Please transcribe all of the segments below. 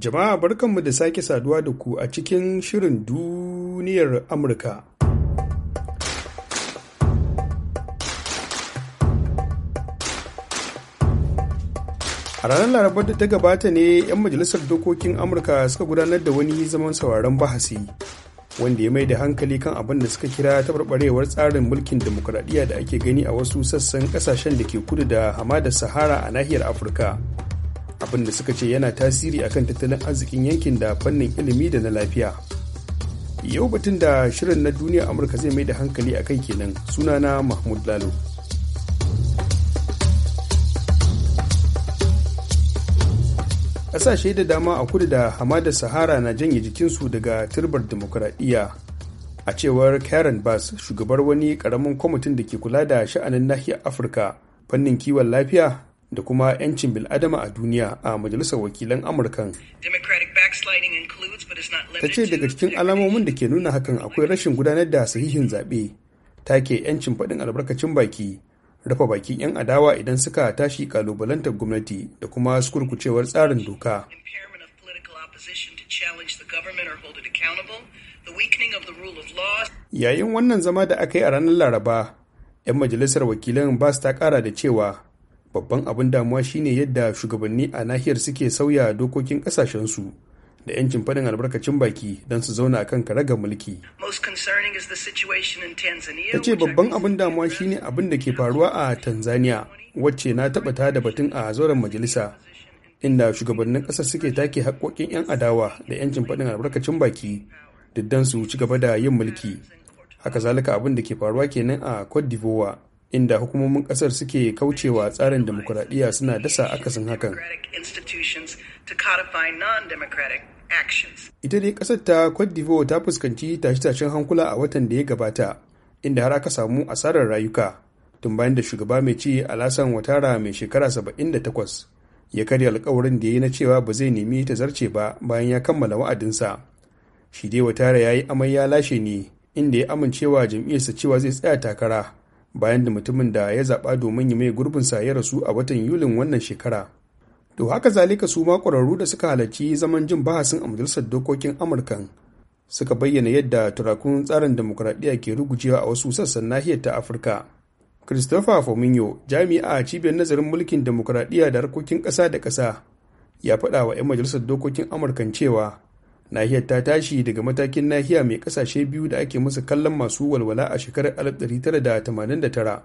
Jama'a barkanmu da sake saduwa da ku a cikin shirin duniyar Amurka. A ranar Larabar da ta gabata ne 'yan majalisar dokokin Amurka suka gudanar da wani zaman sauraron bahasi wanda ya mai da hankali kan abin da suka kira taɓarɓarewar tsarin mulkin demokuraɗiyya da ake gani a wasu sassan ƙasashen da ke kudu da hamadar Sahara a nahiyar Afirka. abin da suka ce yana tasiri akan tattalin arzikin yankin da fannin ilimi da na lafiya yau batun da shirin na duniya amurka zai mai da hankali a kai kenan suna na mahmud lalo ƙasashe da dama a kudu da hamadar sahara na janye jikinsu daga turbar demokuraɗiyya a cewar karen bass shugabar wani ƙaramin kwamitin da ke kula da sha'anin nahiyar afirka fannin kiwon lafiya da kuma 'yancin bil'adama a duniya a majalisar wakilan amurkan ta ce daga cikin alamomin da ke nuna hakan akwai rashin gudanar da sahihin zaɓe take 'yancin faɗin albarkacin baki rufe bakin 'yan adawa idan suka tashi kalubalantar gwamnati da kuma sukurkucewar tsarin doka yayin wannan zama da aka yi a ranar laraba 'yan majalisar wakilan bas ta kara da cewa babban abin damuwa shine yadda shugabanni a nahiyar suke sauya dokokin su da 'yancin faɗin albarkacin baki don su zauna kan karaga mulki. Ta ce babban abin damuwa shine abin da ke faruwa a Tanzania wacce na taɓa ta da batun a zauren majalisa inda shugabannin ƙasar suke take haƙƙoƙin 'yan adawa da 'yancin faɗin albarkacin baki diddan su ci gaba da yin mulki. Haka zalika abin da ke faruwa kenan a Cote d'Ivoire inda hukumomin kasar suke kaucewa tsarin demokuraɗiyya suna dasa akasin hakan ita dai kasar ta cote d'ivoire ta fuskanci tashe-tashen hankula a watan da ya gabata inda har aka samu asarar rayuka tun bayan da shugaba mai ci alasan watara mai shekara 78 ya karya alkawarin da ya yi na cewa ba zai nemi ta zarce ba bayan ya kammala wa'adinsa shi dai watara ya yi amai ya lashe ne inda ya amincewa jam'iyyarsa cewa zai tsaya takara bayan da mutumin da ya zaɓa domin yi mai gurbin sa ya rasu a watan yulin wannan shekara to haka zalika su ma ƙwararru da suka halarci zaman jin bahasin a majalisar dokokin amurkan suka bayyana yadda turakun tsarin demokuraɗiyya ke rugujewa a wasu sassan nahiyar ta afirka christopher Fominio jami'a a cibiyar nazarin mulkin demokuraɗiyya da harkokin ƙasa da ƙasa ya faɗa wa 'yan majalisar dokokin amurkan cewa nahiyar ta tashi daga matakin nahiya mai kasashe biyu da ake musu kallon masu walwala a shekarar 1989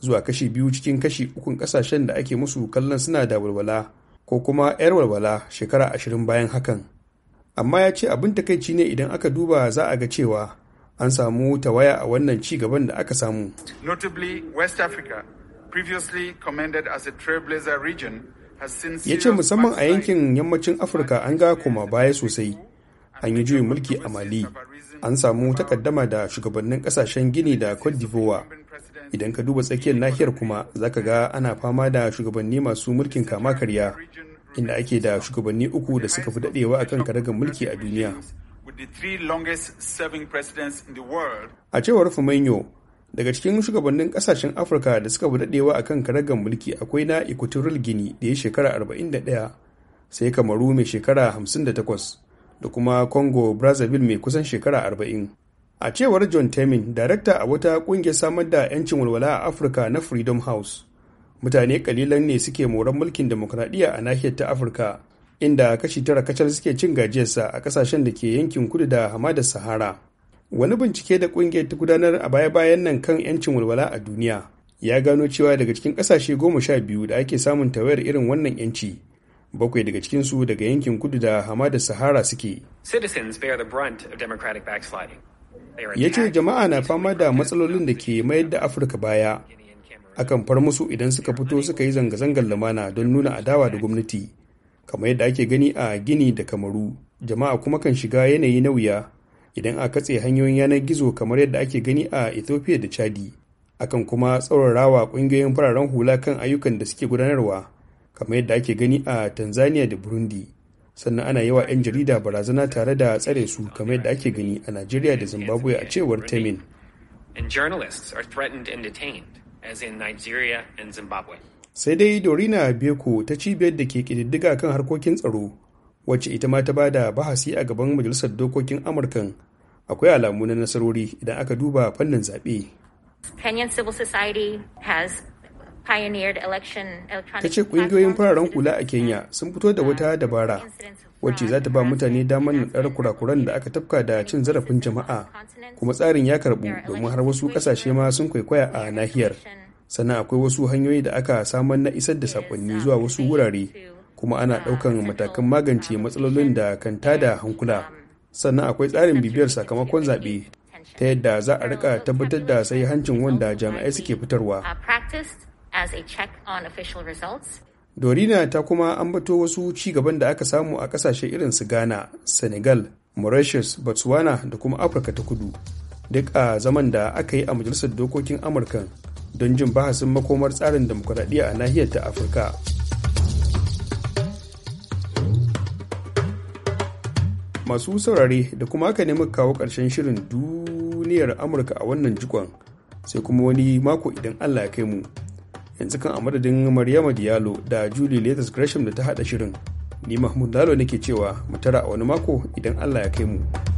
zuwa kashi biyu cikin kashi ukun kasashen da ake musu kallon suna da walwala ko kuma 'yar walwala shekara ashirin bayan hakan amma ya ce abin takaici ne idan aka duba za a ga cewa an samu tawaya a wannan ci gaban da aka samu ya ce musamman a yankin yammacin afirka an ga koma baya sosai an yi juyin mulki a mali an samu takaddama da shugabannin kasashen gini da cote d'ivoire idan ka duba tsakiyar nahiyar kuma zaka ga ana fama da shugabanni masu mulkin kama karya inda ake da shugabanni uku da suka fi dadewa akan karagar mulki a duniya a cewar fumenyo daga cikin shugabannin kasashen afirka da suka fi dadewa akan karagar mulki akwai na equatorial gini da ya shekara 41 sai kamaru mai shekara 58 da kuma congo brazzaville mai kusan shekara arba'in. a cewar john temin darakta a wata kungiyar samar da 'yancin walwala a afirka na freedom house mutane kalilan ne suke moran mulkin demokradiyya a nahiyar ta afirka inda kashi tara kacal suke cin gajiyarsa a kasashen da ke yankin kudu da hamadar sahara wani bincike da kungiyar ta gudanar a baya-bayan nan kan 'yancin walwala a duniya ya gano cewa daga cikin kasashe goma sha biyu da ake samun tawayar irin wannan 'yanci bakwai daga cikinsu daga yankin kudu da hamadar sahara suke ya ce jama'a na fama da matsalolin da ke mayar da afirka baya akan far musu idan suka fito suka yi zanga-zangar lamana don nuna adawa da gwamnati kamar yadda ake gani a gini da kamaru jama'a kuma kan shiga yanayi na wuya idan a katse hanyoyin yanar gizo kamar yadda ake gani a ethiopia da chadi akan kuma tsaurarawa ƙungiyoyin fararen hula kan ayyukan da suke gudanarwa kamar yadda ake gani a tanzania da burundi sannan ana yawa 'yan jarida barazana tare da tsare su kamar yadda ake gani a nigeria da zimbabwe a cewar temin sai dai dorina beko ta cibiyar da ke kididdiga kan harkokin tsaro wacce ita ma ta ba da bahasi a gaban majalisar dokokin amurkan akwai alamu na nasarori idan aka duba fannin zaɓe. ta ce ƙungiyoyin fararen kula a kenya sun fito da wata dabara wacce za ta ba mutane damar naɗar kurakuran da aka tafka da cin zarafin jama'a kuma tsarin ya karɓu domin har wasu ƙasashe ma sun kwaikwaya a nahiyar sannan akwai wasu hanyoyi da aka samar na isar da sakonni zuwa wasu wurare kuma ana uh, ɗaukan matakan um, magance matsalolin da kan tada hankula um, sannan akwai tsarin bibiyar sakamakon zaɓe ta yadda za a rika tabbatar da sai hancin wanda jami'ai suke fitarwa as a check on official results. Dorina ta kuma an bato wasu ci gaban da aka samu a kasashe irin su Ghana, Senegal, Mauritius, Botswana da kuma Afirka ta kudu. Duk a zaman da aka yi a Majalisar Dokokin Amurka don jin bahasin makomar tsarin demokuraɗiyya a nahiyar ta Afirka. Masu saurare da kuma aka nemi kawo ƙarshen shirin duniyar Amurka a wannan jikon sai kuma wani mako idan Allah ya kai mu. yanzu kan a madadin maryama diallo da julie letus gresham da ta hada shirin ni mahmud lalo nake cewa mu tara a wani mako idan allah ya kai mu.